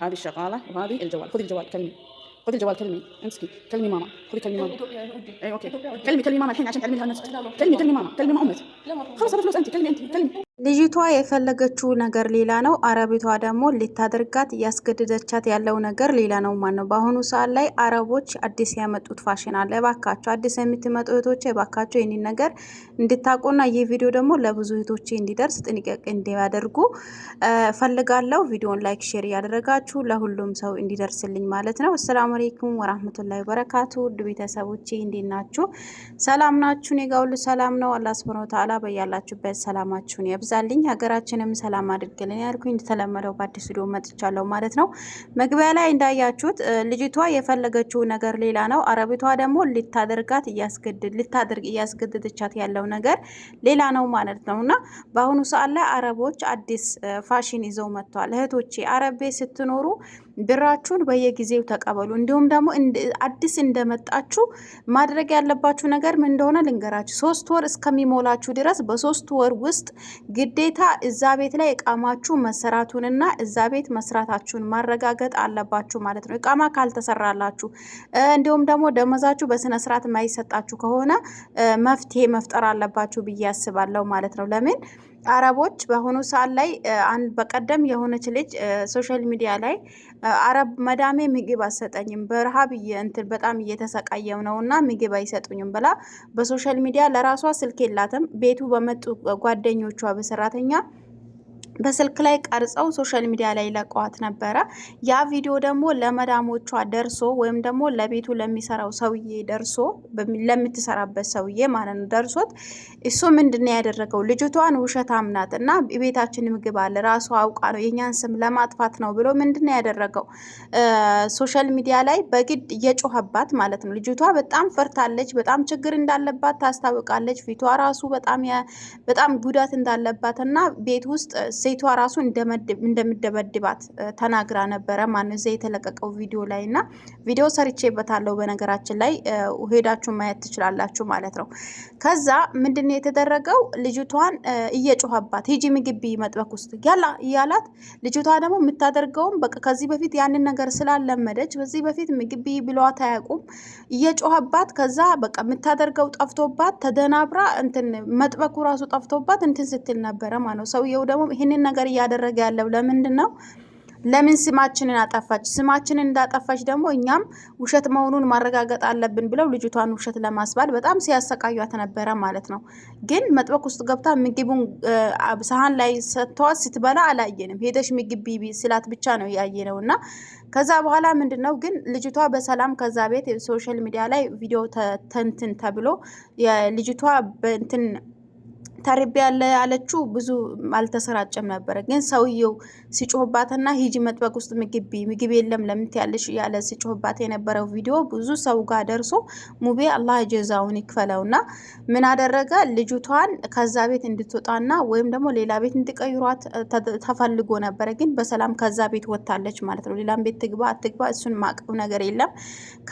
هذه الشغاله وهذه الجوال خذي الجوال كلمي خذ الجوال كلمي امسكي كلمي ماما خذي كلمي ماما اي اوكي كلمي كلمي ماما الحين عشان تعلمي لها نفسك كلمي كلمي ماما كلمي ماما امك خلاص هذا فلوس انت كلمي انت كلمي ልጅቷ የፈለገችው ነገር ሌላ ነው። አረቢቷ ደግሞ ልታደርጋት እያስገደደቻት ያለው ነገር ሌላ ነው ማለት ነው። በአሁኑ ሰዓት ላይ አረቦች አዲስ ያመጡት ፋሽን አለ። እባካችሁ አዲስ የምትመጡ እህቶች እባካችሁ ይህንን ነገር እንድታውቁና ይህ ቪዲዮ ደግሞ ለብዙ እህቶች እንዲደርስ ጥንቃቄ እንዲያደርጉ ፈልጋለሁ። ቪዲዮን ላይክ፣ ሼር እያደረጋችሁ ለሁሉም ሰው እንዲደርስልኝ ማለት ነው። አሰላሙ አለይኩም ወራህመቱላሂ ወበረካቱ። ውድ ቤተሰቦቼ እንዴት ናችሁ? ሰላም ናችሁን? የጋውሉ ሰላም ነው። አላህ ሱብሃነሁ ወተዓላ በያላችሁበት ሰላማችሁን ያብዛ ያብዛልኝ፣ ሀገራችንም ሰላም አድርግልን ያልኩኝ እንደተለመደው በአዲስ ቪዲዮ መጥቻለሁ ማለት ነው። መግቢያ ላይ እንዳያችሁት ልጅቷ የፈለገችው ነገር ሌላ ነው። አረቢቷ ደግሞ ልታደርጋት ልታደርግ እያስገድድቻት ያለው ነገር ሌላ ነው ማለት ነው እና በአሁኑ ሰዓት ላይ አረቦች አዲስ ፋሽን ይዘው መጥተዋል። እህቶቼ አረቤ ስትኖሩ ብራችሁን በየጊዜው ተቀበሉ። እንዲሁም ደግሞ አዲስ እንደመጣችሁ ማድረግ ያለባችሁ ነገር ምን እንደሆነ ልንገራችሁ። ሶስት ወር እስከሚሞላችሁ ድረስ በሶስት ወር ውስጥ ግዴታ እዛ ቤት ላይ እቃማችሁ መሰራቱንና እዛ ቤት መስራታችሁን ማረጋገጥ አለባችሁ ማለት ነው። እቃማ ካልተሰራላችሁ እንዲሁም ደግሞ ደመዛችሁ በስነስርዓት ማይሰጣችሁ ከሆነ መፍትሄ መፍጠር አለባችሁ ብዬ አስባለሁ ማለት ነው። ለምን አረቦች በአሁኑ ሰዓት ላይ በቀደም የሆነች ልጅ ሶሻል ሚዲያ ላይ አረብ መዳሜ ምግብ አሰጠኝም በረሃብ እንትን በጣም እየተሰቃየው ነው እና ምግብ አይሰጡኝም ብላ በሶሻል ሚዲያ ለራሷ ስልክ የላትም ቤቱ በመጡ ጓደኞቿ በሰራተኛ በስልክ ላይ ቀርጸው ሶሻል ሚዲያ ላይ ለቀዋት ነበረ። ያ ቪዲዮ ደግሞ ለመዳሞቿ ደርሶ ወይም ደግሞ ለቤቱ ለሚሰራው ሰውዬ ደርሶ ለምትሰራበት ሰውዬ ማለት ነው ደርሶት እሱ ምንድን ነው ያደረገው? ልጅቷን ውሸታም ናት እና ቤታችን ምግብ አለ ራሷ አውቃ ነው የእኛን ስም ለማጥፋት ነው ብሎ ምንድን ነው ያደረገው? ሶሻል ሚዲያ ላይ በግድ እየጮኸባት ማለት ነው። ልጅቷ በጣም ፈርታለች። በጣም ችግር እንዳለባት ታስታውቃለች። ፊቷ ራሱ በጣም ጉዳት እንዳለባት እና ቤት ውስጥ ዘይቷ ራሱ እንደምደበድባት ተናግራ ነበረ። ማን እዚያ የተለቀቀው ቪዲዮ ላይ እና ቪዲዮ ሰርቼበታለሁ በነገራችን ላይ ሄዳችሁ ማየት ትችላላችሁ ማለት ነው። ከዛ ምንድን የተደረገው ልጅቷን እየጮኸባት ሂጂ ምግቢ መጥበክ ውስጥ ያላ እያላት ልጅቷ ደግሞ የምታደርገውም በቃ ከዚህ በፊት ያንን ነገር ስላለመደች በዚህ በፊት ምግቢ ብሏት አያውቁም። እየጮኸባት ከዛ በቃ የምታደርገው ጠፍቶባት ተደናብራ እንትን መጥበኩ ራሱ ጠፍቶባት እንትን ስትል ነበረ ማለት ነው። ሰውየው ደግሞ ይህንን ይህንን ነገር እያደረገ ያለው ለምንድን ነው? ለምን ስማችንን አጠፋች? ስማችንን እንዳጠፋች ደግሞ እኛም ውሸት መሆኑን ማረጋገጥ አለብን ብለው ልጅቷን ውሸት ለማስባል በጣም ሲያሰቃዩት ነበረ ማለት ነው። ግን መጥበቅ ውስጥ ገብታ ምግቡን ሰሀን ላይ ሰጥተዋት ስትበላ አላየንም። ሄደሽ ምግብ ቢቢ ስላት ብቻ ነው ነው እና ከዛ በኋላ ምንድን ነው ግን ልጅቷ በሰላም ከዛ ቤት ሶሻል ሚዲያ ላይ ቪዲዮ ተንትን ተብሎ ልጅቷ በእንትን ታርቤ ያለ ያለችው ብዙ አልተሰራጨም ነበረ። ግን ሰውየው ሲጮህባትና ሂጂ መጥበቅ ውስጥ ምግቢ ምግብ የለም ለምት ያለሽ ያለ ሲጮህባት የነበረው ቪዲዮ ብዙ ሰው ጋር ደርሶ ሙቤ አላህ ጀዛውን ይክፈለውና ምን አደረገ? ልጅቷን ከዛ ቤት እንድትወጣና ወይም ደግሞ ሌላ ቤት እንዲቀይሯት ተፈልጎ ነበረ። ግን በሰላም ከዛ ቤት ወጥታለች ማለት ነው። ሌላም ቤት ትግባ አትግባ እሱን ማቀብ ነገር የለም።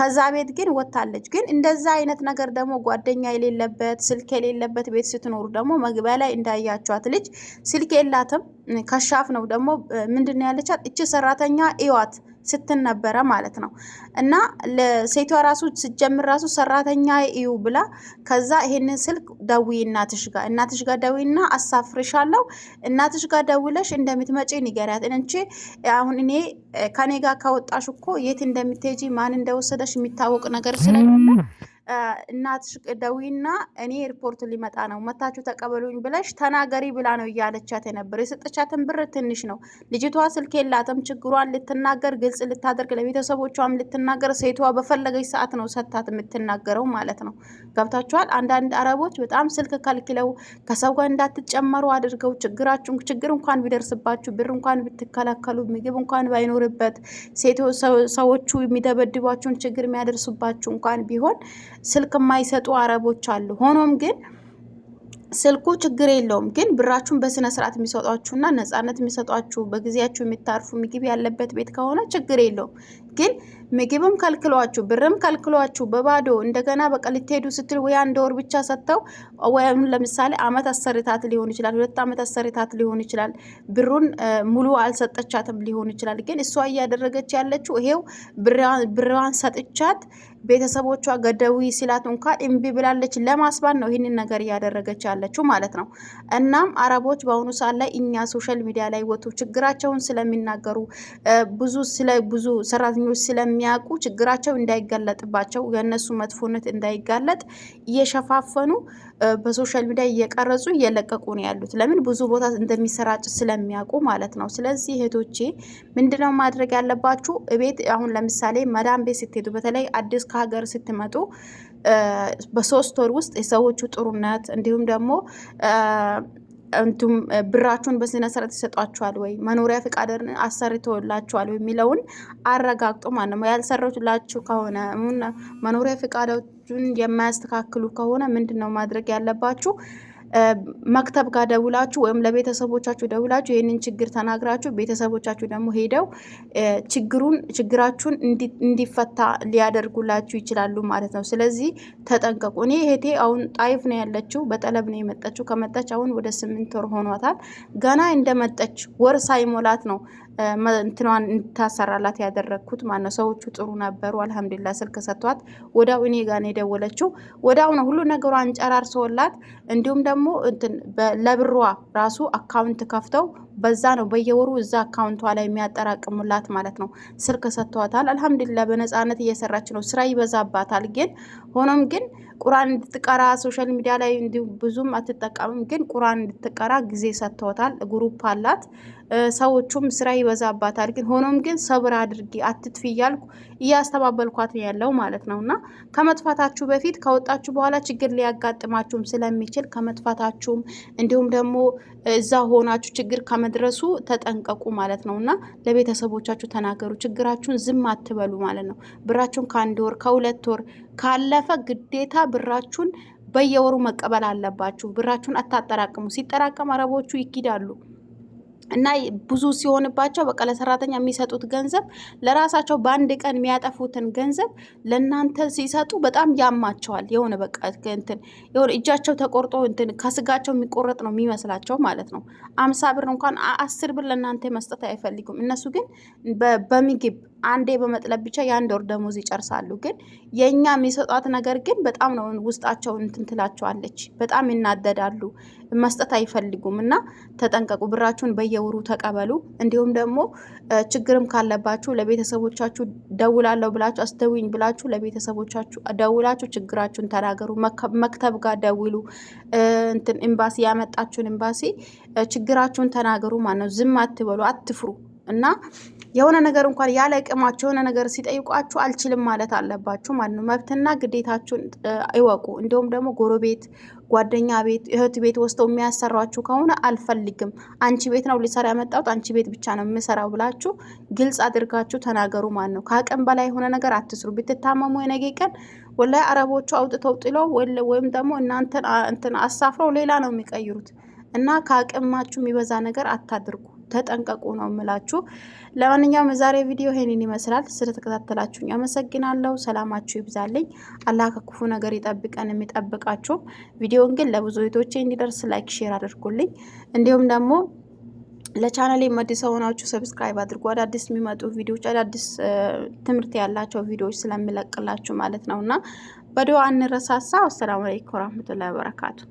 ከዛ ቤት ግን ወጥታለች። ግን እንደዛ አይነት ነገር ደግሞ ጓደኛ የሌለበት ስልክ የሌለበት ቤት ስትኖሩ ደግሞ መግቢያ ላይ እንዳያችኋት ልጅ ስልክ የላትም ከሻፍ ነው ደግሞ ምንድን ያለቻት እች ሰራተኛ እዋት ስትን ነበረ ማለት ነው። እና ለሴቷ ራሱ ስጀምር ራሱ ሰራተኛ እዩ ብላ ከዛ ይሄንን ስልክ ደዊ እናትሽ ጋር እናትሽ ጋር ደዊ ደውይና አሳፍርሻለሁ እናትሽ ጋር ደውለሽ እንደምትመጪ ንገሪያት። እንቺ አሁን እኔ ከኔ ጋር ካወጣሽ እኮ የት እንደምትሄጂ ማን እንደወሰደሽ የሚታወቅ ነገር ስለሌለ እናትሽ ደዊና እኔ ሪፖርት ሊመጣ ነው መታችሁ ተቀበሉኝ ብለሽ ተናገሪ ብላ ነው እያለቻት የነበር። የሰጠቻትን ብር ትንሽ ነው። ልጅቷ ስልክ የላትም። ችግሯን ልትናገር ግልጽ ልታደርግ ለቤተሰቦቿም ልትናገር ሴቷ በፈለገች ሰዓት ነው ሰታት የምትናገረው ማለት ነው። ገብታችኋል? አንዳንድ አረቦች በጣም ስልክ ከልክለው ከሰው ጋር እንዳትጨመሩ አድርገው ችግራችሁ ችግር እንኳን ቢደርስባችሁ ብር እንኳን ብትከላከሉ ምግብ እንኳን ባይኖርበት ሰዎቹ የሚደበድቧችሁን ችግር የሚያደርሱባችሁ እንኳን ቢሆን ስልክ የማይሰጡ አረቦች አሉ። ሆኖም ግን ስልኩ ችግር የለውም ግን ብራችሁን በስነ ስርዓት የሚሰጧችሁና ነጻነት የሚሰጧችሁ በጊዜያችሁ የሚታርፉ ምግብ ያለበት ቤት ከሆነ ችግር የለውም ግን ምግብም ከልክሏችሁ ብርም ከልክሏችሁ በባዶ እንደገና በቃ ልትሄዱ ስትል ወይ አንድ ወር ብቻ ሰጥተው ወይም ለምሳሌ አመት አሰርታት ሊሆን ይችላል፣ ሁለት አመት አሰርታት ሊሆን ይችላል። ብሩን ሙሉ አልሰጠቻትም ሊሆን ይችላል። ግን እሷ እያደረገች ያለችው ይሄው ብርዋን ሰጥቻት ቤተሰቦቿ ገደዊ ሲላት እንኳ እምቢ ብላለች ለማስባል ነው ይህንን ነገር እያደረገች ያለችው ማለት ነው። እናም አረቦች በአሁኑ ሰዓት ላይ እኛ ሶሻል ሚዲያ ላይ ወጥቶ ችግራቸውን ስለሚናገሩ ብዙ ስለ ብዙ ሰራተኞች ስለሚ ስለሚያውቁ ችግራቸው እንዳይጋለጥባቸው የእነሱ መጥፎነት እንዳይጋለጥ እየሸፋፈኑ በሶሻል ሚዲያ እየቀረጹ እየለቀቁ ነው ያሉት። ለምን ብዙ ቦታ እንደሚሰራጭ ስለሚያውቁ ማለት ነው። ስለዚህ እህቶቼ ምንድነው ማድረግ ያለባችሁ? እቤት አሁን ለምሳሌ መዳም ቤት ስትሄዱ፣ በተለይ አዲስ ከሀገር ስትመጡ በሶስት ወር ውስጥ የሰዎቹ ጥሩነት እንዲሁም ደግሞ እንቱም ብራችሁን በስነ ስርዓት ይሰጧችኋል ወይ መኖሪያ ፈቃድ አሰርተውላችኋል ወይ የሚለውን አረጋግጦ ማለት ነው። ያልሰሩላችሁ ከሆነ መኖሪያ ፈቃዳችሁን የማያስተካክሉ ከሆነ ምንድን ነው ማድረግ ያለባችሁ? መክተብ ጋር ደውላችሁ ወይም ለቤተሰቦቻችሁ ደውላችሁ ይህንን ችግር ተናግራችሁ ቤተሰቦቻችሁ ደግሞ ሄደው ችግሩን ችግራችሁን እንዲፈታ ሊያደርጉላችሁ ይችላሉ ማለት ነው። ስለዚህ ተጠንቀቁ። እኔ እህቴ አሁን ጣይፍ ነው ያለችው፣ በጠለብ ነው የመጣችው። ከመጣች አሁን ወደ ስምንት ወር ሆኗታል። ገና እንደመጣች ወር ሳይሞላት ነው እንትኗን እንድታሰራላት ያደረግኩት ማለት ነው። ሰዎቹ ጥሩ ነበሩ፣ አልሐምዱሊላ ስልክ ሰጥቷት ወዳው እኔ ጋር ነው የደወለችው። ወዳው ነው ሁሉ ነገሯ አንጨራርሰውላት እንዲሁም ደግሞ ደግሞ እንትን ለብሯ ራሱ አካውንት ከፍተው በዛ ነው በየወሩ እዛ አካውንቷ ላይ የሚያጠራቅሙላት ማለት ነው። ስልክ ሰጥተዋታል። አልሐምዱሊላ በነፃነት እየሰራች ነው። ስራ ይበዛባታል። ግን ሆኖም ግን ቁራን እንድትቀራ ሶሻል ሚዲያ ላይ ብዙም አትጠቀምም፣ ግን ቁራን እንድትቀራ ጊዜ ሰጥቶታል። ግሩፕ አላት፣ ሰዎቹም ስራ ይበዛባታል። ግን ሆኖም ግን ሰብር አድርጊ አትጥፊ እያልኩ እያስተባበልኳት ያለው ማለት ነው። እና ከመጥፋታችሁ በፊት ከወጣችሁ በኋላ ችግር ሊያጋጥማችሁም ስለሚችል ከመጥፋታችሁም እንዲሁም ደግሞ እዛ ሆናችሁ ችግር ከመድረሱ ተጠንቀቁ ማለት ነው። እና ለቤተሰቦቻችሁ ተናገሩ፣ ችግራችሁን ዝም አትበሉ ማለት ነው። ብራችሁን ከአንድ ወር ከሁለት ወር ካለፈ ግዴታ ብራችሁን በየወሩ መቀበል አለባችሁ። ብራችሁን አታጠራቅሙ። ሲጠራቀም አረቦቹ ይኪዳሉ እና ብዙ ሲሆንባቸው በቃ ለሰራተኛ የሚሰጡት ገንዘብ ለራሳቸው በአንድ ቀን የሚያጠፉትን ገንዘብ ለእናንተ ሲሰጡ በጣም ያማቸዋል። የሆነ በቃ እንትን የሆነ እጃቸው ተቆርጦ እንትን ከስጋቸው የሚቆረጥ ነው የሚመስላቸው ማለት ነው። አምሳ ብር እንኳን አስር ብር ለእናንተ መስጠት አይፈልጉም። እነሱ ግን በምግብ አንዴ በመጥለብ ብቻ የአንድ ወር ደሞዝ ይጨርሳሉ። ግን የእኛ የሚሰጧት ነገር ግን በጣም ነው ውስጣቸውን እንትን ትላቸዋለች። በጣም ይናደዳሉ፣ መስጠት አይፈልጉም። እና ተጠንቀቁ፣ ብራችሁን በየወሩ ተቀበሉ። እንዲሁም ደግሞ ችግርም ካለባችሁ ለቤተሰቦቻችሁ ደውላለሁ ብላችሁ አስደውኝ ብላችሁ ለቤተሰቦቻችሁ ደውላችሁ ችግራችሁን ተናገሩ። መክተብ ጋር ደውሉ። እንትን ኤምባሲ ያመጣችሁን ኤምባሲ ችግራችሁን ተናገሩ ማለት ነው። ዝም አትበሉ፣ አትፍሩ እና የሆነ ነገር እንኳን ያለ እቅማችሁ የሆነ ነገር ሲጠይቋችሁ አልችልም ማለት አለባችሁ ማለት ነው። መብትና ግዴታችሁን ይወቁ። እንዲሁም ደግሞ ጎረቤት፣ ጓደኛ ቤት፣ እህት ቤት ወስደው የሚያሰሯችሁ ከሆነ አልፈልግም፣ አንቺ ቤት ነው ልሰራ ያመጣሁት አንቺ ቤት ብቻ ነው የምሰራው ብላችሁ ግልጽ አድርጋችሁ ተናገሩ ማለት ነው። ከአቅም በላይ የሆነ ነገር አትስሩ። ብትታመሙ የነገ ቀን ወላሂ አረቦቹ አውጥተው ጥለው ወይም ደግሞ እናንተን አሳፍረው ሌላ ነው የሚቀይሩት እና ከአቅማችሁ የሚበዛ ነገር አታድርጉ። ተጠንቀቁ ነው የምላችሁ። ለማንኛውም የዛሬ ቪዲዮ ይሄንን ይመስላል። ስለተከታተላችሁኝ አመሰግናለሁ። ሰላማችሁ ይብዛልኝ። አላህ ከክፉ ነገር ይጠብቀን፣ የሚጠብቃችሁ። ቪዲዮን ግን ለብዙ እህቶቼ እንዲደርስ ላይክ፣ ሼር አድርጉልኝ። እንዲሁም ደግሞ ለቻናሌ መዲሰ ሆናችሁ ሰብስክራይብ አድርጉ። አዳዲስ የሚመጡ ቪዲዮዎች፣ አዳዲስ ትምህርት ያላቸው ቪዲዮዎች ስለሚለቅላችሁ ማለት ነው እና በዱዓ አንረሳሳ። አሰላሙ አለይኩም ወረህመቱላሂ ወበረካቱ